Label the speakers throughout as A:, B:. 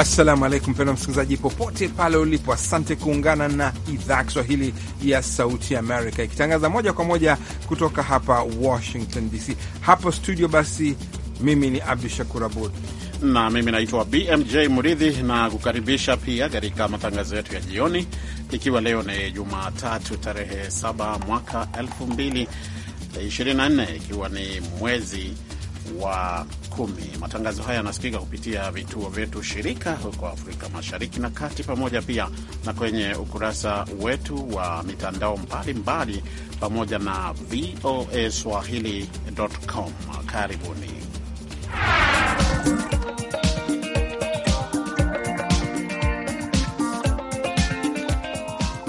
A: Assalamu alaikum, pendo msikilizaji, popote pale ulipo, asante kuungana na idhaa Kiswahili ya Sauti Amerika ikitangaza moja kwa moja kutoka hapa Washington DC, hapo studio. Basi mimi ni Abdu Shakur Abud
B: na mimi naitwa BMJ Muridhi na kukaribisha pia katika matangazo yetu ya jioni, ikiwa leo ni Jumatatu tarehe 7 mwaka 2024 ikiwa ni mwezi wa kumi. Matangazo haya yanasikika kupitia vituo vyetu shirika huko Afrika Mashariki na Kati, pamoja pia na kwenye ukurasa wetu wa mitandao mbalimbali, pamoja na voa swahili.com. Karibuni.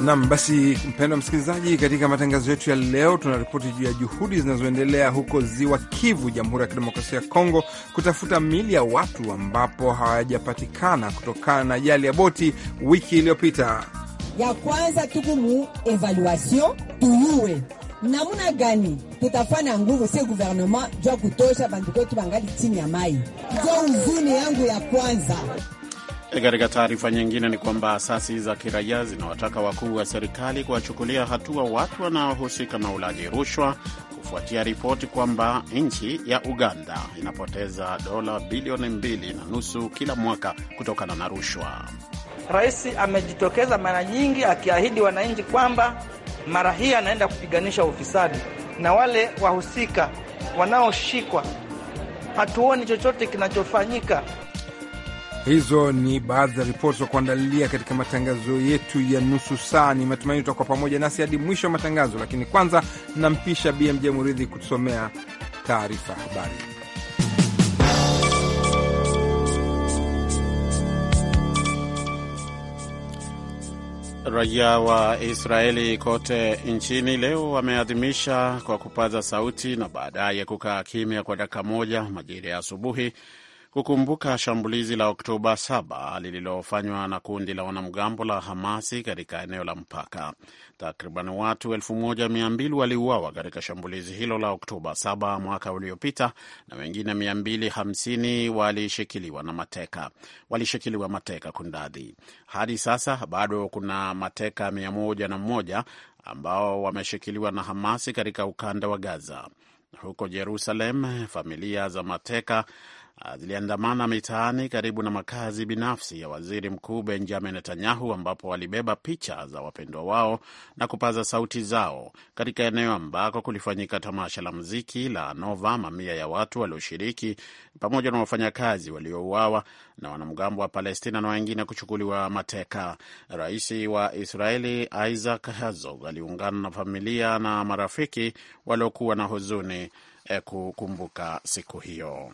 A: Nam basi, mpendwa msikilizaji, katika matangazo yetu ya leo tunaripoti juu ya juhudi zinazoendelea huko ziwa Kivu, Jamhuri ya Kidemokrasia ya Kongo, kutafuta mili ya watu ambapo hawajapatikana kutokana na ajali ya boti wiki iliyopita.
C: Ya kwanza tuku mu evaluation tuyuwe namuna gani tutafana nguvu se guvernema jwa kutosha bandukotu bangali chini ya mai, jwa uzuni yangu ya kwanza.
B: Katika taarifa nyingine ni kwamba asasi za kiraia zinawataka wakuu wa serikali kuwachukulia hatua watu wanaohusika na ulaji rushwa kufuatia ripoti kwamba nchi ya Uganda inapoteza dola bilioni mbili na nusu kila mwaka kutokana na rushwa.
D: Rais amejitokeza mara nyingi akiahidi wananchi kwamba mara hii anaenda kupiganisha ufisadi, na wale wahusika wanaoshikwa hatuoni chochote kinachofanyika.
A: Hizo ni baadhi ya ripoti za kuandalia katika matangazo yetu ya nusu saa. Ni matumaini utakuwa pamoja nasi hadi mwisho wa matangazo, lakini kwanza nampisha BMJ Muridhi kutusomea
B: taarifa habari. Raia wa Israeli kote nchini leo wameadhimisha kwa kupaza sauti na baadaye kukaa kimya kwa dakika moja majira ya asubuhi kukumbuka shambulizi la Oktoba 7 lililofanywa na kundi la wanamgambo la Hamasi katika eneo la mpaka. Takriban watu 1200 waliuawa katika shambulizi hilo la Oktoba 7 mwaka uliopita, na wengine 250 walishikiliwa na mateka walishikiliwa mateka kundadhi. Hadi sasa bado kuna mateka 101 ambao wameshikiliwa na Hamasi katika ukanda wa Gaza. Huko Jerusalem, familia za mateka ziliandamana mitaani karibu na makazi binafsi ya waziri mkuu Benjamin Netanyahu, ambapo walibeba picha za wapendwa wao na kupaza sauti zao katika eneo ambako kulifanyika tamasha la muziki la Nova. Mamia ya watu walioshiriki pamoja na wafanyakazi waliouawa na wanamgambo wa Palestina na wengine kuchukuliwa mateka. Rais wa Israeli Isaac Herzog aliungana na familia na marafiki waliokuwa na huzuni eh, kukumbuka siku hiyo.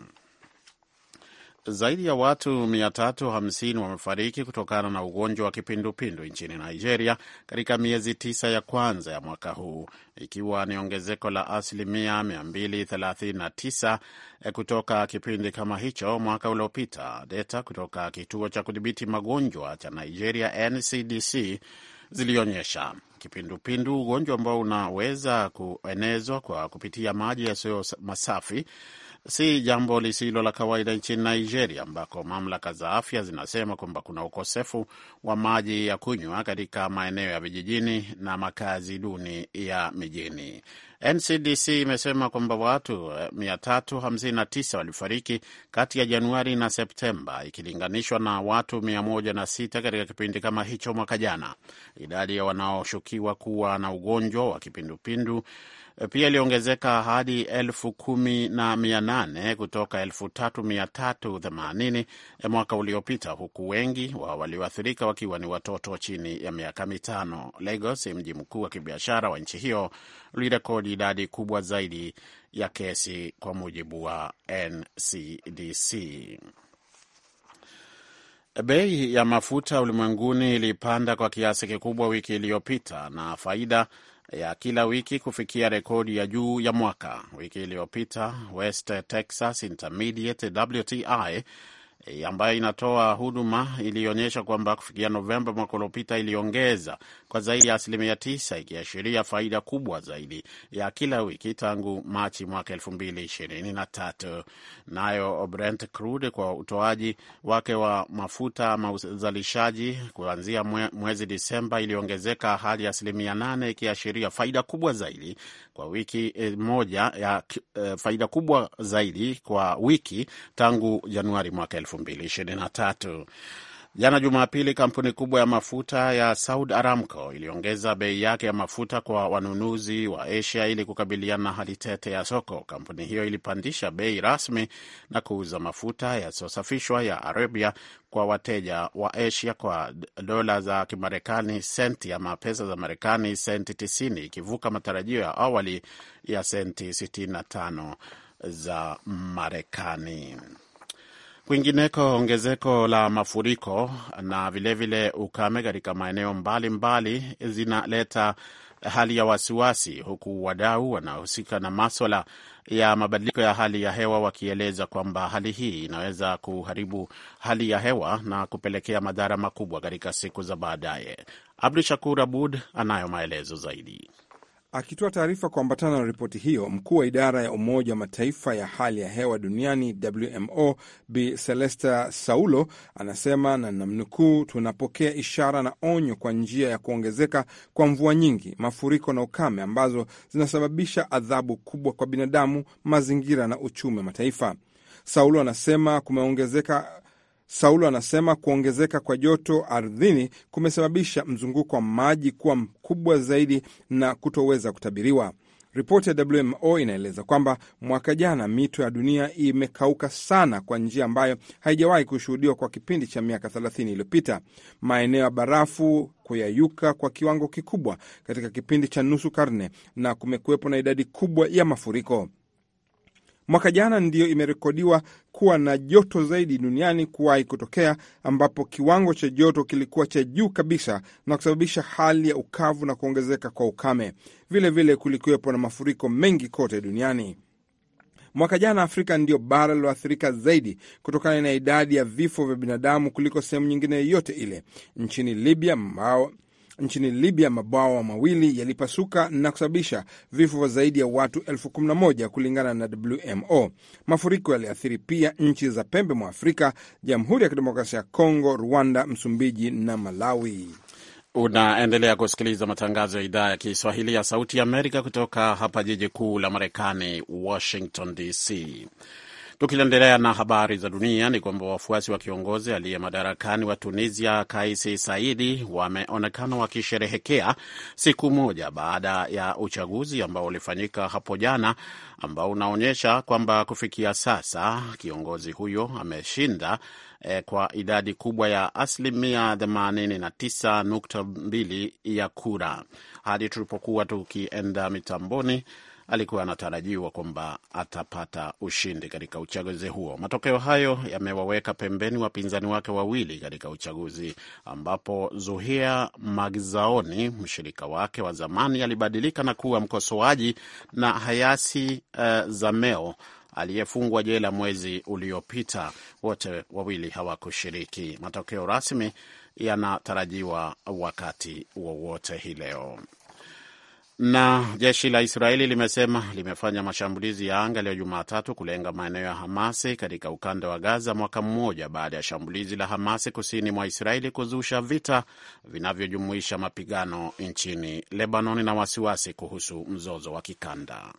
B: Zaidi ya watu 350 wamefariki kutokana na ugonjwa wa kipindupindu nchini Nigeria katika miezi tisa ya kwanza ya mwaka huu, ikiwa ni ongezeko la asilimia 239 eh, kutoka kipindi kama hicho mwaka uliopita. Data kutoka kituo cha kudhibiti magonjwa cha Nigeria, NCDC, zilionyesha kipindupindu, ugonjwa ambao unaweza kuenezwa kwa kupitia maji yasiyo masafi si jambo lisilo la kawaida nchini Nigeria, ambako mamlaka za afya zinasema kwamba kuna ukosefu wa maji ya kunywa katika maeneo ya vijijini na makazi duni ya mijini. NCDC imesema kwamba watu 359 eh, walifariki kati ya Januari na Septemba ikilinganishwa na watu 106 katika kipindi kama hicho mwaka jana. Idadi ya wanaoshukiwa kuwa na ugonjwa wa kipindupindu pia iliongezeka hadi elfu kumi na mia nane kutoka elfu tatu mia tatu themanini mwaka uliopita, huku wengi wa walioathirika wakiwa ni watoto chini ya miaka mitano. Lagos, mji mkuu wa kibiashara wa nchi hiyo, ulirekodi idadi kubwa zaidi ya kesi kwa mujibu wa NCDC. Bei ya mafuta ulimwenguni ilipanda kwa kiasi kikubwa wiki iliyopita na faida ya kila wiki kufikia rekodi ya juu ya mwaka. Wiki iliyopita West Texas Intermediate WTI eh, ambayo inatoa huduma ilionyesha kwamba kufikia Novemba mwaka uliopita iliongeza kwa zaidi ya asilimia tisa, ikiashiria faida kubwa zaidi ya kila wiki tangu Machi mwaka elfu mbili ishirini na tatu. Nayo Brent crude kwa utoaji wake wa mafuta ama uzalishaji kuanzia mwezi Disemba iliongezeka hadi asilimia nane, ikiashiria faida kubwa zaidi kwa wiki e, moja ya eh, faida kubwa zaidi kwa wiki tangu Januari mwaka elfu mbili ishirini na tatu. Jana Jumapili, kampuni kubwa ya mafuta ya Saudi Aramco iliongeza bei yake ya mafuta kwa wanunuzi wa Asia ili kukabiliana na hali tete ya soko. Kampuni hiyo ilipandisha bei rasmi na kuuza mafuta yasiyosafishwa ya Arabia kwa wateja wa Asia kwa dola za Kimarekani senti ama pesa za Marekani senti 90 ikivuka matarajio ya awali ya senti 65 za Marekani. Kwingineko, ongezeko la mafuriko na vilevile vile ukame katika maeneo mbalimbali zinaleta hali ya wasiwasi, huku wadau wanaohusika na maswala ya mabadiliko ya hali ya hewa wakieleza kwamba hali hii inaweza kuharibu hali ya hewa na kupelekea madhara makubwa katika siku za baadaye. Abdu Shakur Abud anayo maelezo zaidi.
A: Akitoa taarifa kuambatana na ripoti hiyo, mkuu wa idara ya Umoja wa Mataifa ya hali ya hewa duniani WMO Bi Celeste Saulo anasema na namnukuu, tunapokea ishara na onyo kwa njia ya kuongezeka kwa mvua nyingi, mafuriko na ukame ambazo zinasababisha adhabu kubwa kwa binadamu, mazingira na uchumi wa mataifa. Saulo anasema kumeongezeka Saulo anasema kuongezeka kwa joto ardhini kumesababisha mzunguko wa maji kuwa mkubwa zaidi na kutoweza kutabiriwa. Ripoti ya WMO inaeleza kwamba mwaka jana mito ya dunia imekauka sana kwa njia ambayo haijawahi kushuhudiwa kwa kipindi cha miaka 30 iliyopita. Maeneo ya barafu kuyayuka kwa kiwango kikubwa katika kipindi cha nusu karne, na kumekuwepo na idadi kubwa ya mafuriko. Mwaka jana ndiyo imerekodiwa kuwa na joto zaidi duniani kuwahi kutokea, ambapo kiwango cha joto kilikuwa cha juu kabisa na kusababisha hali ya ukavu na kuongezeka kwa ukame. Vilevile kulikuwepo na mafuriko mengi kote duniani. Mwaka jana Afrika ndiyo bara liloathirika zaidi kutokana na idadi ya vifo vya binadamu kuliko sehemu nyingine yoyote ile. Nchini Libya mbao Nchini Libya, mabwawa mawili yalipasuka na kusababisha vifo vya zaidi ya watu elfu kumi na moja kulingana na WMO. Mafuriko yaliathiri pia nchi za pembe mwa Afrika, Jamhuri ya Kidemokrasia ya Kongo, Rwanda, Msumbiji na Malawi.
B: Unaendelea kusikiliza matangazo ya idhaa ya Kiswahili ya Sauti ya Amerika kutoka hapa jiji kuu la Marekani, Washington DC. Tukiendelea na habari za dunia ni kwamba wafuasi wa kiongozi aliye madarakani wa Tunisia Kaisi Saidi wameonekana wakisherehekea siku moja baada ya uchaguzi ambao ulifanyika hapo jana, ambao unaonyesha kwamba kufikia sasa kiongozi huyo ameshinda eh, kwa idadi kubwa ya asilimia 89.2 ya kura. Hadi tulipokuwa tukienda mitamboni alikuwa anatarajiwa kwamba atapata ushindi katika uchaguzi huo. Matokeo hayo yamewaweka pembeni wapinzani wake wawili katika uchaguzi, ambapo Zuhia Magzaoni, mshirika wake wa zamani, alibadilika na kuwa mkosoaji na Hayasi uh, Zameo aliyefungwa jela mwezi uliopita. Wote wawili hawakushiriki. Matokeo rasmi yanatarajiwa wakati wowote hii leo. Na jeshi la Israeli limesema limefanya mashambulizi ya anga leo Jumatatu kulenga maeneo ya Hamasi katika ukanda wa Gaza, mwaka mmoja baada ya shambulizi la Hamasi kusini mwa Israeli kuzusha vita vinavyojumuisha mapigano nchini Lebanon na wasiwasi kuhusu mzozo wa kikanda.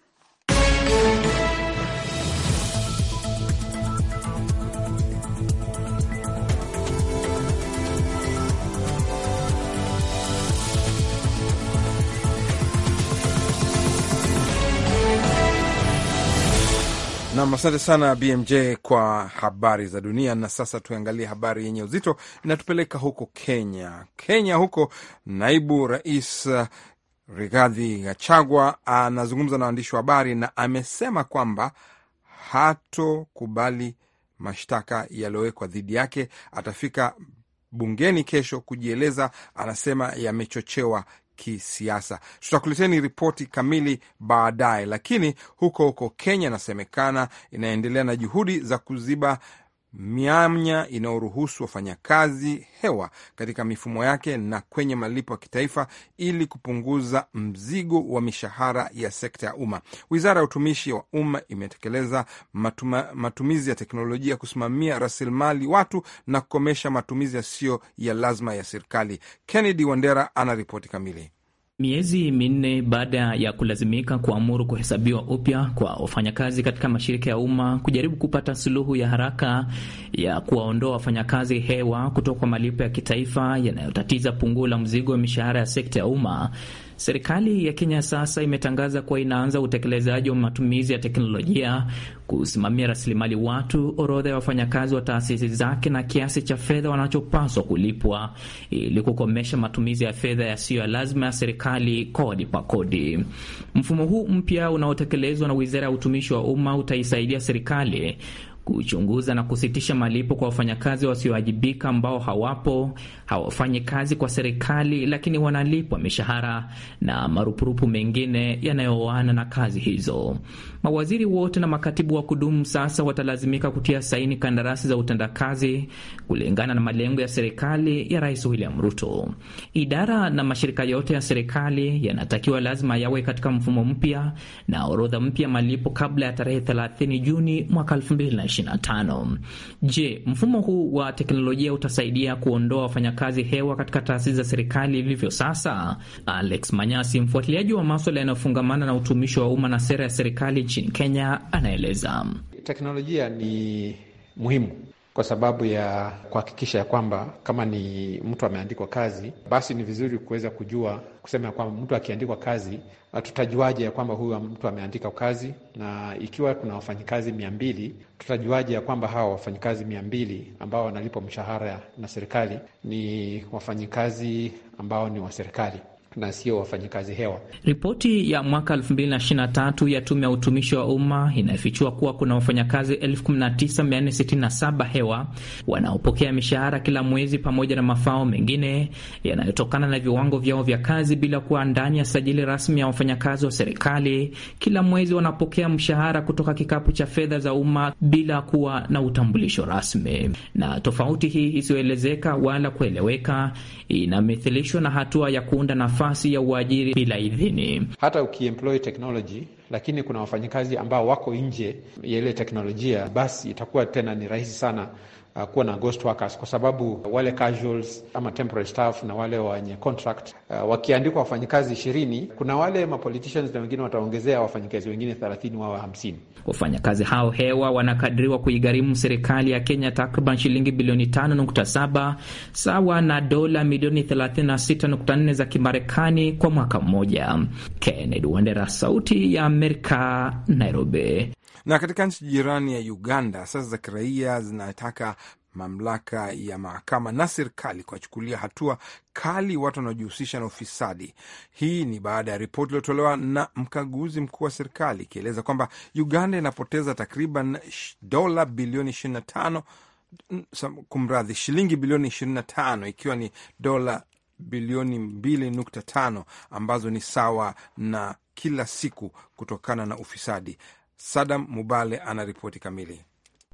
A: Nam, asante sana BMJ kwa habari za dunia. Na sasa tuangalie habari yenye uzito, inatupeleka huko Kenya. Kenya huko, naibu rais uh, Rigathi Gachagua anazungumza na waandishi wa habari na amesema kwamba hatokubali mashtaka yaliyowekwa dhidi yake. Atafika bungeni kesho kujieleza, anasema yamechochewa kisiasa. Tutakuleteni ripoti kamili baadaye, lakini huko huko Kenya inasemekana inaendelea na juhudi za kuziba mianya inayoruhusu wafanyakazi hewa katika mifumo yake na kwenye malipo ya kitaifa ili kupunguza mzigo wa mishahara ya sekta ya umma. Wizara ya Utumishi wa Umma imetekeleza matuma, matumizi ya teknolojia kusimamia rasilimali watu na kukomesha matumizi yasiyo ya lazima ya serikali. Kennedy Wandera ana ripoti kamili.
C: Miezi minne baada ya kulazimika kuamuru kuhesabiwa upya kwa wafanyakazi katika mashirika ya umma kujaribu kupata suluhu ya haraka ya kuwaondoa wafanyakazi hewa kutoka kwa malipo ya kitaifa yanayotatiza punguo la mzigo wa mishahara ya sekta ya umma, Serikali ya Kenya sasa imetangaza kuwa inaanza utekelezaji wa matumizi ya teknolojia kusimamia rasilimali watu, orodha ya wafanyakazi wa taasisi zake na kiasi cha fedha wanachopaswa kulipwa ili kukomesha matumizi ya fedha yasiyo ya lazima ya serikali kodi kwa kodi. Mfumo huu mpya unaotekelezwa na Wizara ya Utumishi wa Umma utaisaidia serikali kuchunguza na kusitisha malipo kwa wafanyakazi wasioajibika ambao hawapo, hawafanyi kazi kwa serikali, lakini wanalipwa mishahara na marupurupu mengine yanayoana na kazi hizo. Mawaziri wote na makatibu wa kudumu sasa watalazimika kutia saini kandarasi za utendakazi kulingana na malengo ya serikali ya Rais William Ruto. Idara na mashirika yote ya serikali yanatakiwa lazima yawe katika mfumo mpya na orodha mpya malipo kabla ya tarehe 30 Juni mwaka 2025. Je, mfumo huu wa teknolojia utasaidia kuondoa wafanyakazi hewa katika taasisi za serikali ilivyo sasa? Alex Manyasi, mfuatiliaji wa maswala yanayofungamana na utumishi wa umma na sera ya serikali nchini Kenya anaeleza.
E: Teknolojia ni muhimu kwa sababu ya kuhakikisha ya kwamba kama ni mtu ameandikwa kazi, basi ni vizuri kuweza kujua kusema ya kwamba mtu akiandikwa kazi, tutajuaje ya kwamba huyu mtu ameandika kazi? Na ikiwa kuna wafanyikazi mia mbili, tutajuaje ya kwamba hawa wafanyikazi mia mbili ambao wanalipwa mshahara na serikali ni wafanyikazi ambao ni wa serikali? na sio wafanyikazi
C: hewa. Ripoti ya mwaka 2023 ya Tume ya Utumishi wa Umma inafichua kuwa kuna wafanyakazi 19467 hewa wanaopokea mishahara kila mwezi pamoja na mafao mengine yanayotokana na viwango vyao vya kazi bila kuwa ndani ya sajili rasmi ya wafanyakazi wa serikali. Kila mwezi wanapokea mshahara kutoka kikapu cha fedha za umma bila kuwa na utambulisho rasmi, na tofauti hii isiyoelezeka wala kueleweka inamithilishwa na hatua ya kuunda nafasi nafasi ya uajiri bila idhini.
E: Hata ukiemploy technology lakini kuna wafanyakazi ambao wako nje ya ile teknolojia, basi itakuwa tena ni rahisi sana uh, kuwa na ghost workers, kwa sababu wale casuals ama temporary staff na wale wenye contract uh, wakiandikwa wafanyikazi ishirini, kuna wale mapoliticians na wengine wataongezea wafanyikazi wengine thelathini wawe hamsini.
C: Wafanyakazi hao hewa wanakadiriwa kuigharimu serikali ya Kenya takriban shilingi bilioni 5.7 sawa na dola milioni 36.4 za Kimarekani kwa mwaka mmoja. Kennedy Wandera, Sauti ya Amerika, Nairobi. Na katika
A: nchi jirani ya Uganda, asasi za kiraia zinataka mamlaka ya mahakama na serikali kuwachukulia hatua kali watu wanaojihusisha na ufisadi. Hii ni baada ya ripoti iliyotolewa na mkaguzi mkuu wa serikali ikieleza kwamba Uganda inapoteza takriban dola bilioni 25 kumradhi, shilingi bilioni 25 ikiwa ni dola bilioni 2.5 ambazo ni sawa na kila siku kutokana na ufisadi. Sadam Mubale anaripoti kamili.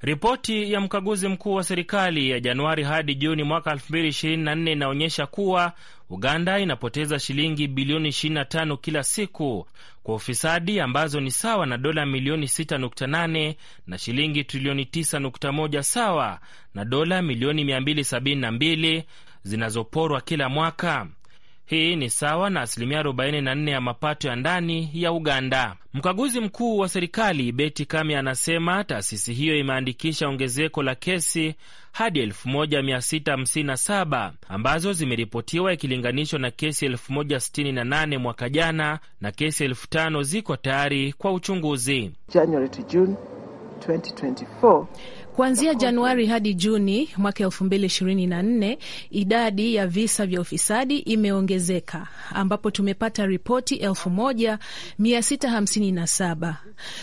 F: Ripoti ya mkaguzi mkuu wa serikali ya Januari hadi Juni mwaka 2024 inaonyesha kuwa Uganda inapoteza shilingi bilioni 25 kila siku kwa ufisadi ambazo ni sawa na dola milioni 6.8 na shilingi trilioni 9.1 sawa na dola milioni 272 zinazoporwa kila mwaka. Hii ni sawa na asilimia 44 ya mapato ya ndani ya Uganda. Mkaguzi mkuu wa serikali Beti Kami anasema taasisi hiyo imeandikisha ongezeko la kesi hadi 1657 ambazo zimeripotiwa ikilinganishwa na kesi 1068 mwaka jana, na kesi 5000 ziko tayari kwa uchunguzi
G: January to June 2024.
F: Kuanzia Januari hadi Juni mwaka elfu mbili ishirini na nne idadi ya visa vya ufisadi imeongezeka ambapo tumepata ripoti elfu moja mia sita hamsini na saba.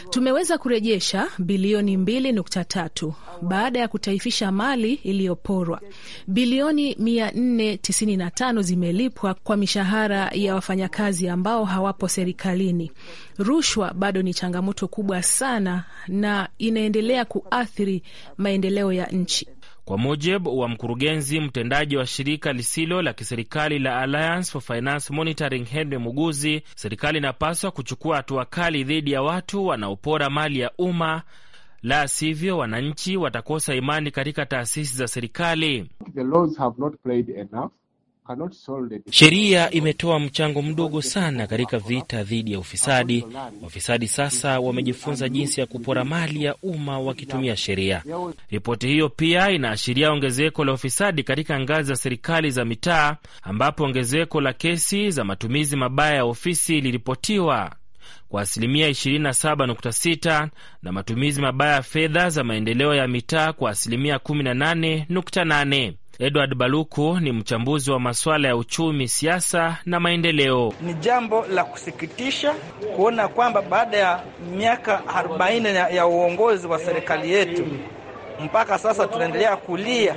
F: Tumeweza kurejesha bilioni mbili nukta tatu baada ya kutaifisha mali iliyoporwa. Bilioni mia nne tisini na tano zimelipwa kwa mishahara ya wafanyakazi ambao hawapo serikalini. Rushwa bado ni changamoto kubwa sana na inaendelea kuathiri maendeleo ya nchi. Kwa mujibu wa mkurugenzi mtendaji wa shirika lisilo la kiserikali la Alliance for Finance Monitoring, Henry Muguzi, serikali inapaswa kuchukua hatua kali dhidi ya watu wanaopora mali ya umma, la sivyo wananchi watakosa imani katika taasisi za serikali. The laws
B: have not played enough.
F: Sheria imetoa mchango mdogo sana katika vita dhidi ya ufisadi. Wafisadi sasa wamejifunza jinsi ya kupora mali ya umma wakitumia sheria. Ripoti hiyo pia inaashiria ongezeko la ufisadi katika ngazi za serikali za mitaa, ambapo ongezeko la kesi za matumizi mabaya ya ofisi liliripotiwa kwa asilimia 27.6 na matumizi mabaya ya fedha za maendeleo ya mitaa kwa asilimia 18.8. Edward Baluku ni mchambuzi wa masuala ya uchumi, siasa na maendeleo.
D: Ni jambo la kusikitisha kuona kwamba baada ya miaka 40 ya uongozi wa serikali yetu mpaka sasa tunaendelea kulia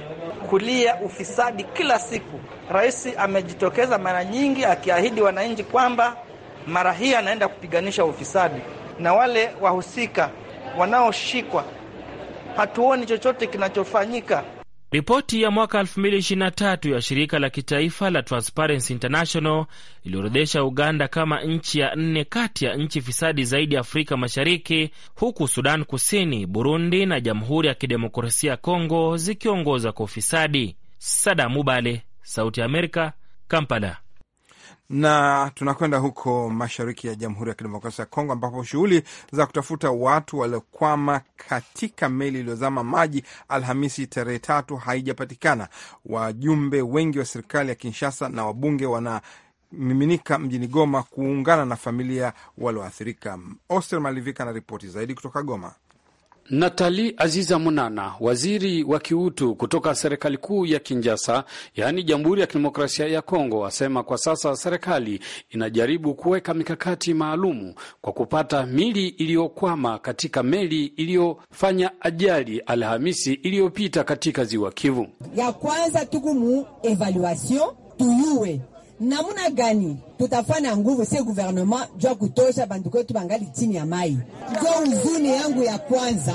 D: kulia ufisadi kila siku. Rais amejitokeza mara nyingi akiahidi wananchi kwamba mara hii anaenda kupiganisha ufisadi, na wale wahusika wanaoshikwa hatuoni chochote kinachofanyika.
F: Ripoti ya mwaka 2023 ya shirika la kitaifa la Transparency International iliorodhesha Uganda kama nchi ya nne kati ya nchi fisadi zaidi ya Afrika Mashariki, huku Sudan Kusini, Burundi na Jamhuri ya Kidemokrasia ya Kongo zikiongoza kwa ufisadi. Sada Mubale, Sauti ya Amerika, Kampala na tunakwenda huko
A: mashariki ya Jamhuri ya Kidemokrasia ya Kongo ambapo shughuli za kutafuta watu waliokwama katika meli iliyozama maji Alhamisi tarehe tatu haijapatikana. Wajumbe wengi wa serikali ya Kinshasa na wabunge wanamiminika mjini Goma kuungana na familia walioathirika. Oster Malivika na ripoti zaidi kutoka Goma.
E: Natali Aziza Munana, waziri wa kiutu kutoka serikali kuu ya Kinjasa, yaani Jamhuri ya Kidemokrasia ya Kongo, asema kwa sasa serikali inajaribu kuweka mikakati maalumu kwa kupata mili iliyokwama katika meli iliyofanya ajali Alhamisi iliyopita katika ziwa Kivu.
C: Ya kwanza tukumu evaluation tuyue namuna gani tutafanya nguvu si guvernema jwa kutosha banduku yetu bangali chini ya mai? Ndio uzuni yangu ya kwanza,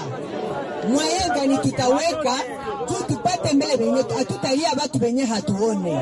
C: mwaya gani tutaweka tu tupate mbele benye hatutalia batu benye hatuone.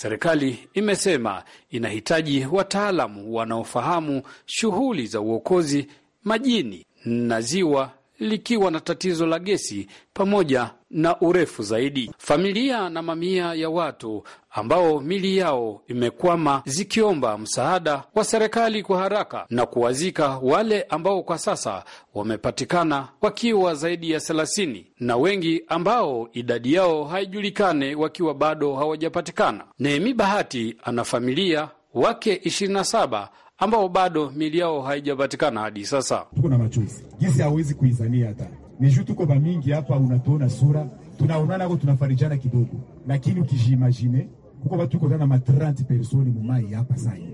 E: Serikali imesema inahitaji wataalamu wanaofahamu shughuli za uokozi majini na ziwa likiwa na tatizo la gesi pamoja na urefu zaidi. Familia na mamia ya watu ambao mili yao imekwama zikiomba msaada wa serikali kwa haraka na kuwazika wale ambao kwa sasa wamepatikana wakiwa zaidi ya thelathini na wengi ambao idadi yao haijulikane wakiwa bado hawajapatikana. Nehemi Bahati ana familia wake ishirini na saba ambao bado mili yao haijapatikana hadi sasa.
H: Kuna machozi jinsi hawezi kuizania hata ni juu tuko mingi hapa, unatuona sura tunaonana ko tunafarijana kidogo, lakini ukijimagine kuko watu tuko na matranti personi mumai hapa sai.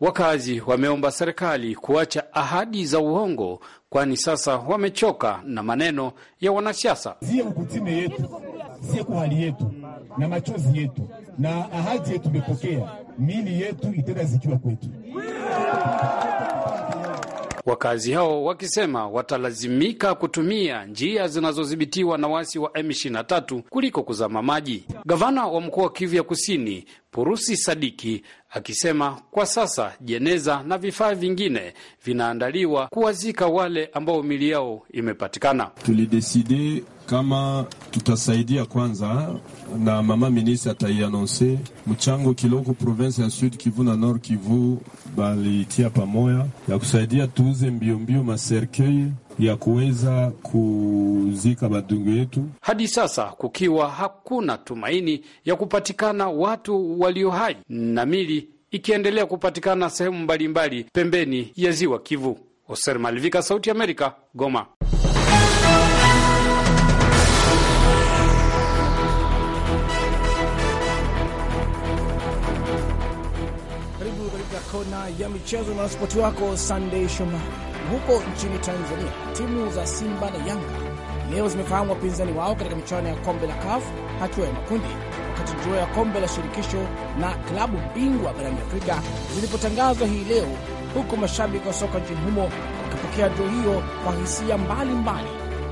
E: Wakazi wameomba serikali kuacha ahadi za uongo, kwani sasa wamechoka na maneno ya wanasiasa.
D: Zie ukutime yetu sie kwa hali yetu
B: na machozi yetu na ahadi yetu, tumepokea mili yetu itenda zikiwa kwetu
E: wakazi hao wakisema watalazimika kutumia njia zinazodhibitiwa na wasi wa M23 kuliko kuzama maji. Gavana wa mkoa wa Kivu ya Kusini Purusi Sadiki akisema kwa sasa jeneza na vifaa vingine vinaandaliwa kuwazika wale ambao mili yao
H: imepatikana. Tulideside kama tutasaidia kwanza na mama ministre ataianonse mchango kiloko province ya Sud Kivu na Nord Kivu balitia pamoya ya kusaidia tuuze mbiombio maserkei ya kuweza kuzika badungu yetu,
E: hadi sasa kukiwa hakuna tumaini ya kupatikana watu walio hai na mili ikiendelea kupatikana sehemu mbalimbali pembeni ya ziwa Kivu. Oser Malivika, Sauti Amerika, Goma.
D: ya michezo na spoti wako Sunday Shomari. Huko nchini Tanzania, timu za Simba na Yanga leo zimefahamu wapinzani wao katika michuano ya kombe la CAF hatua ya makundi, wakati njua ya kombe la shirikisho na klabu bingwa barani Afrika zilipotangazwa hii leo, huku mashabiki wa soka nchini humo wakipokea njua hiyo kwa hisia mbalimbali.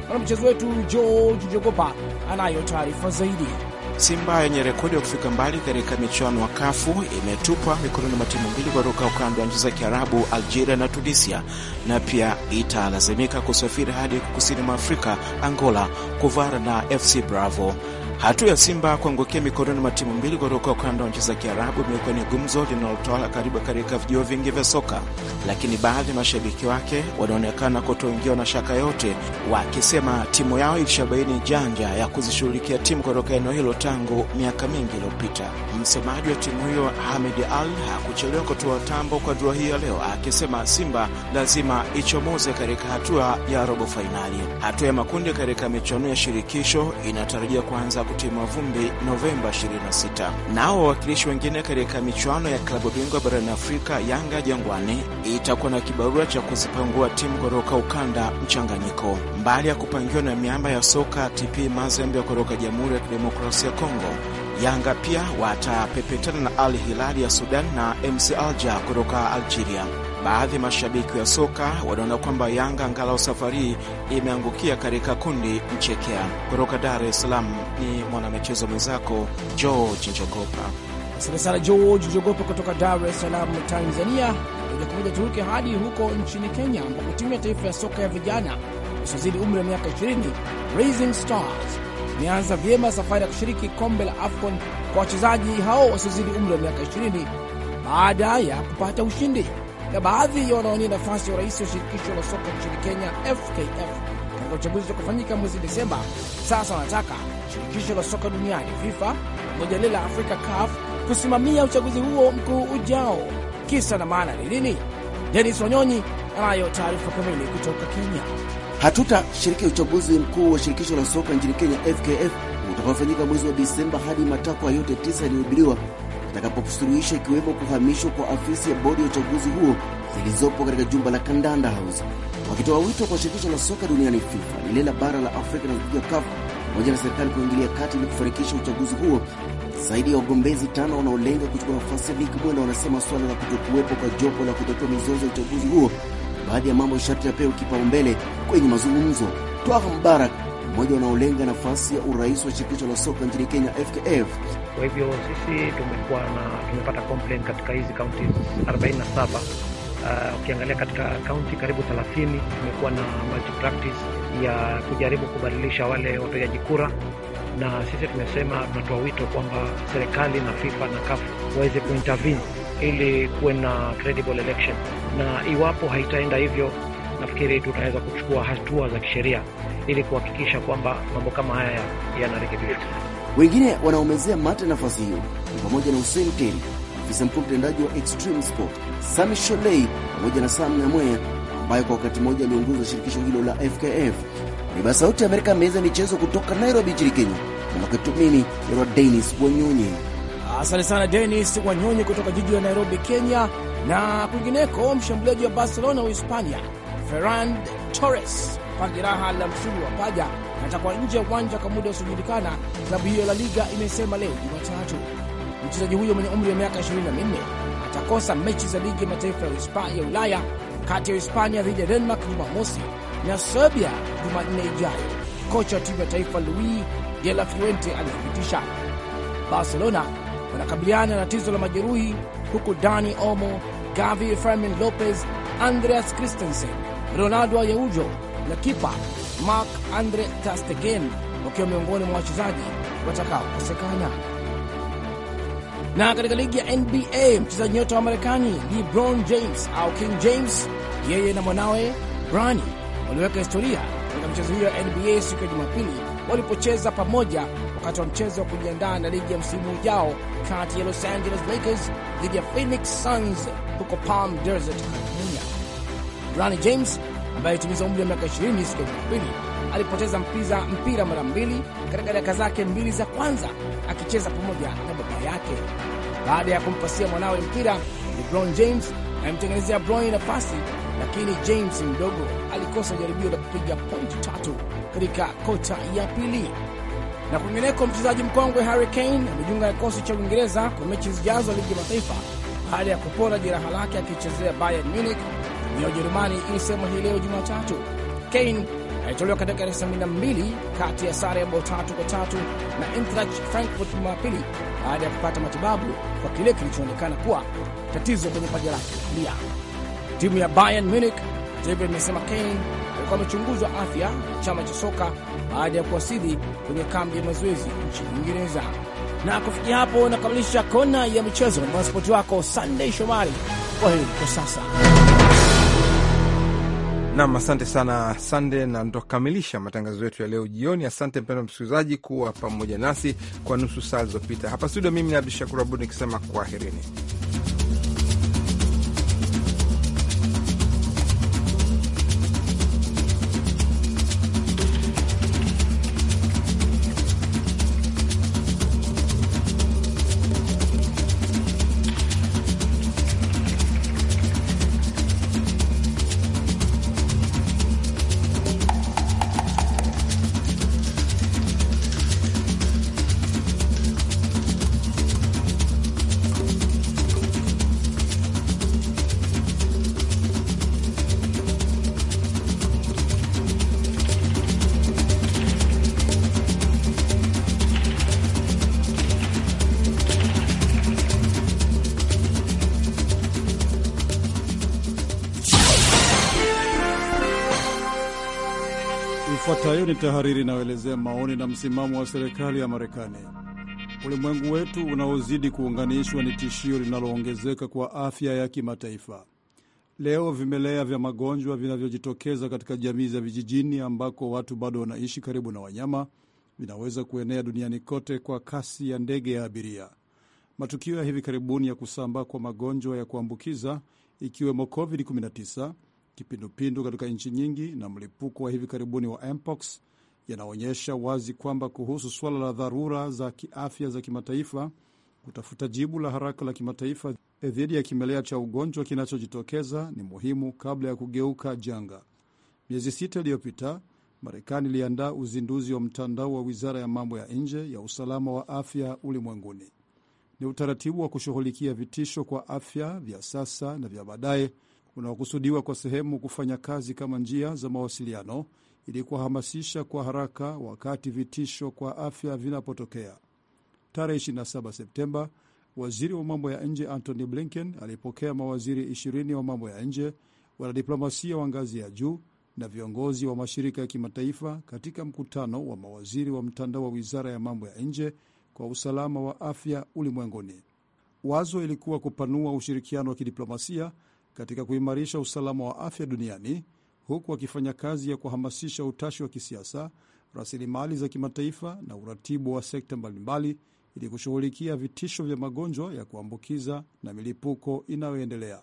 D: Mwanamchezo wetu George Jogopa anayo taarifa zaidi.
G: Simba yenye rekodi ya kufika mbali katika michuano wa Kafu imetupwa mikononi mwa timu mbili kutoka ukanda wa nchi za Kiarabu, Algeria na Tunisia, na pia italazimika kusafiri hadi kusini mwa Afrika, Angola, kuvara na FC Bravo. Hatua ya Simba kuangukia mikononi mwa timu mbili kutoka ukanda wa nchi za Kiarabu imekuwa ni gumzo linalotawala karibu katika vijio vingi vya soka, lakini baadhi ya mashabiki wake wanaonekana kutoingiwa na shaka yote, wakisema timu yao ilishabaini janja ya kuzishughulikia timu kutoka eneo hilo tangu miaka mingi iliyopita. Msemaji wa timu hiyo Hamid Al hakuchelewa kutoa tambo kwa dua hii ya leo, akisema Simba lazima ichomoze katika hatua ya robo fainali. Hatua ya makundi katika michuano ya shirikisho inatarajia kuanza kutima Mavumbi Novemba 26. Nao wawakilishi wengine katika michuano ya klabu bingwa barani Afrika, Yanga Jangwani itakuwa na kibarua cha kuzipangua timu kutoka ukanda mchanganyiko. Mbali ya kupangiwa na miamba ya soka TP Mazembe kutoka Jamhuri ya Kidemokrasia ya Kongo, Yanga pia watapepetana na Al Hilali ya Sudan na MC alja kutoka Algeria. Baadhi ya mashabiki wa soka wanaona kwamba Yanga angalau safari imeangukia katika kundi mchekea. Kutoka Dar es Salaam ni mwanamichezo mwenzako
D: George Njogopa. Asante sana George Njogopa kutoka Dar es Salaam, Tanzania. Moja kwa moja turuke hadi huko nchini Kenya, ambapo timu ya taifa ya soka ya vijana usiozidi umri wa miaka 20 Rising Stars imeanza vyema safari ya kushiriki kombe la AFCON kwa wachezaji hao wasiozidi umri wa miaka 20 baada ya kupata ushindi na baadhi ya wanaonia nafasi ya urais wa shirikisho la soka nchini Kenya, FKF, katika uchaguzi utakaofanyika mwezi Desemba. Sasa wanataka shirikisho la soka duniani FIFA pamoja lile la Afrika CAF kusimamia uchaguzi huo mkuu ujao. Kisa na maana ni nini? Denis Wanyonyi anayo taarifa kamili kutoka Kenya.
I: Hatutashiriki uchaguzi mkuu wa shirikisho la soka nchini Kenya, FKF, utakaofanyika mwezi wa Disemba hadi matakwa yote tisa yaliyohubiriwa atakaposuluhisha ikiwemo kuhamishwa kwa afisi ya bodi ya uchaguzi huo zilizopo katika jumba la Kandanda House, wakitoa wito kwa shirikisho la soka duniani FIFA, lile la bara la Afrika na kupiga kafu pamoja na serikali kuingilia kati ili kufanikisha uchaguzi huo. Zaidi ya wagombezi tano wanaolenga kuchukua nafasi ya Nick Mwendwa wanasema suala la kutokuwepo kwa jopo la kutatua mizozo ya uchaguzi huo baadhi ya mambo sharti yapewe kipaumbele kwenye mazungumzo. Twaha Mbarak, mmoja wanaolenga nafasi ya urais wa shirikisho la soka nchini Kenya, FKF,
D: kwa hivyo sisi tumekuwa na tumepata complain katika hizi kaunti 47. Uh, ukiangalia katika kaunti karibu 30 tumekuwa na multi practice ya kujaribu kubadilisha wale wapigaji kura, na sisi tumesema tunatoa wito kwamba serikali na FIFA na CAF waweze kuintervene ili kuwe na credible election, na iwapo haitaenda hivyo, nafikiri tutaweza kuchukua hatua za kisheria ili kuhakikisha kwamba mambo kama haya yanarekebishwa.
I: Wengine wanaomezea mate nafasi hiyo ni pamoja na Hussein Teri, afisa mkuu mtendaji wa Extreme Sport, Sami Sholei pamoja na Sam Nyamweya ambaye kwa wakati mmoja aliongoza shirikisho hilo la FKF. Niba Sauti ya Amerika, ameweza michezo kutoka Nairobi nchini Kenya, mwanaketumini yarwa Denis Wanyonyi.
D: Asante sana Denis Wanyonyi kutoka jiji la Nairobi, Kenya. Na kwingineko, mshambuliaji wa Barcelona wa Hispania Ferran Torres kwa jeraha la msuli wa paja na atakuwa nje ya uwanja kwa muda usiojulikana, klabu hiyo la Liga imesema leo Jumatatu. Mchezaji huyo mwenye umri wa miaka 24 atakosa mechi za ligi mataifa ya Ulaya kati ya Hispania dhidi ya Denmark Jumamosi na Serbia Jumanne ijayo, kocha wa timu ya taifa Luis de la Fuente alithibitisha. Barcelona wanakabiliana na tatizo la majeruhi huku Dani Olmo, Gavi, Fermin Lopez, Andreas Christensen, Ronaldo Araujo na kipa Mark Andre Tastegen wakiwa miongoni mwa wachezaji watakaokosekana. Na katika ligi ya NBA mchezaji nyota wa Marekani LeBron James au King James, yeye na mwanawe Bronny waliweka historia katika mchezo hiyo ya NBA siku ya Jumapili walipocheza pamoja wakati wa mchezo wa kujiandaa na ligi ya msimu ujao kati ya Los Angeles Lakers dhidi ya Phoenix Suns huko Palm Desert, California. Bronny James ambaye alitimiza umri wa miaka 20 siku ya Jumapili, alipoteza mpira, mpira mara mbili katika dakika zake mbili za kwanza akicheza pamoja na baba yake. Baada ya kumpasia mwanawe mpira, LeBron James alimtengenezea Bron nafasi, lakini James mdogo alikosa jaribio la kupiga pointi tatu katika kota ya pili. Na kwingineko, mchezaji mkongwe Harry Kane amejiunga na kikosi cha Uingereza kwa mechi zijazo ligi ya mataifa baada ya kupona jeraha lake akichezea Bayern Munich ya Ujerumani ilisema hii leo Jumatatu. Kane alitolewa katika dakika 72 kati ya sare ya bao tatu kwa tatu na Eintracht Frankfurt Jumapili baada ya kupata matibabu kwa kile kilichoonekana kuwa tatizo kwenye paja lake kulia. Timu ya Bayern Munich vilevile imesema Kane alikuwa amechunguzwa afya na chama cha soka baada ya kuwasili kwenye kambi ya mazoezi nchini Uingereza. Na kufikia hapo nakamilisha kona ya michezo na mwanaspoti wako Sunday Shomari. Kwa heri kwa sasa.
A: Nam, asante sana Sande, na ndo kamilisha matangazo yetu ya leo jioni. Asante mpendwa msikilizaji kuwa pamoja nasi kwa nusu saa zilizopita. Hapa studio, mimi ni Abdu Shakur Abud nikisema kwaherini.
H: Ifuatayo ni tahariri inayoelezea maoni na msimamo wa serikali ya Marekani. Ulimwengu wetu unaozidi kuunganishwa ni tishio linaloongezeka kwa afya ya kimataifa. Leo vimelea vya magonjwa vinavyojitokeza katika jamii za vijijini ambako watu bado wanaishi karibu na wanyama vinaweza kuenea duniani kote kwa kasi ya ndege ya abiria. Matukio ya hivi karibuni ya kusambaa kwa magonjwa ya kuambukiza ikiwemo COVID-19 kipindupindu katika nchi nyingi na mlipuko wa hivi karibuni wa mpox yanaonyesha wazi kwamba kuhusu suala la dharura za kiafya za kimataifa, kutafuta jibu la haraka la kimataifa dhidi ya kimelea cha ugonjwa kinachojitokeza ni muhimu kabla ya kugeuka janga. Miezi sita iliyopita, Marekani iliandaa uzinduzi wa mtandao wa wizara ya mambo ya nje ya usalama wa afya ulimwenguni. Ni utaratibu wa kushughulikia vitisho kwa afya vya sasa na vya baadaye unaokusudiwa kwa sehemu kufanya kazi kama njia za mawasiliano ili kuwahamasisha kwa haraka wakati vitisho kwa afya vinapotokea. Tarehe 27 Septemba, waziri wa mambo ya nje Antony Blinken alipokea mawaziri 20 wa mambo ya nje, wanadiplomasia wa ngazi ya juu na viongozi wa mashirika ya kimataifa katika mkutano wa mawaziri wa mtandao wa wizara ya mambo ya nje kwa usalama wa afya ulimwenguni. Wazo ilikuwa kupanua ushirikiano wa kidiplomasia katika kuimarisha usalama wa afya duniani huku wakifanya kazi ya kuhamasisha utashi wa kisiasa, rasilimali za kimataifa na uratibu wa sekta mbalimbali ili kushughulikia vitisho vya magonjwa ya kuambukiza na milipuko inayoendelea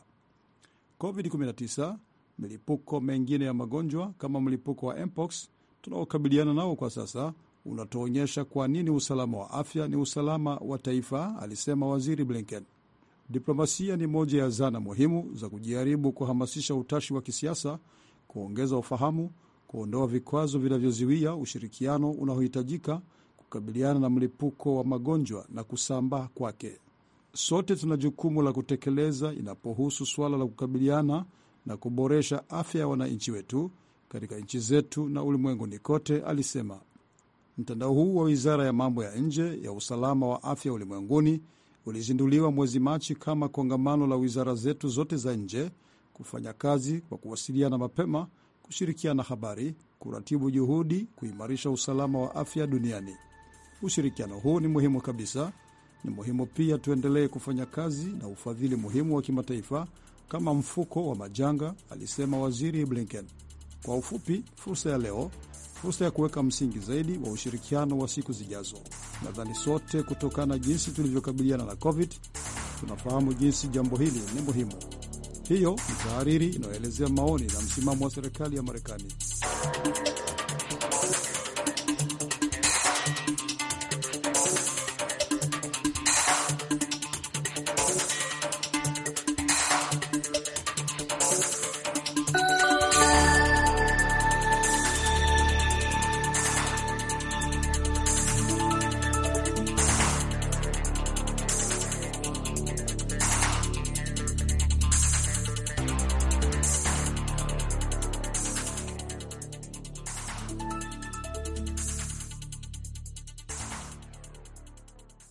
H: COVID-19, milipuko mengine ya magonjwa kama mlipuko wa mpox tunaokabiliana nao kwa sasa unatuonyesha kwa nini usalama wa afya ni usalama wa taifa, alisema Waziri Blinken. Diplomasia ni moja ya zana muhimu za kujaribu kuhamasisha utashi wa kisiasa, kuongeza ufahamu, kuondoa vikwazo vinavyoziwia ushirikiano unaohitajika, kukabiliana na mlipuko wa magonjwa na kusambaa kwake. Sote tuna jukumu la kutekeleza inapohusu suala la kukabiliana na kuboresha afya ya wananchi wetu katika nchi zetu na ulimwenguni kote, alisema. Mtandao huu wa Wizara ya Mambo ya Nje ya Usalama wa Afya Ulimwenguni ulizinduliwa mwezi Machi kama kongamano la wizara zetu zote za nje, kufanya kazi kwa kuwasiliana mapema, kushirikiana habari, kuratibu juhudi, kuimarisha usalama wa afya duniani. Ushirikiano huu ni muhimu kabisa. Ni muhimu pia tuendelee kufanya kazi na ufadhili muhimu wa kimataifa kama mfuko wa majanga, alisema Waziri Blinken. Kwa ufupi, fursa ya leo fursa ya kuweka msingi zaidi wa ushirikiano wa siku zijazo. Nadhani sote, kutokana na jinsi tulivyokabiliana na COVID, tunafahamu jinsi jambo hili ni muhimu. Hiyo ni tahariri inayoelezea maoni na msimamo wa serikali ya Marekani.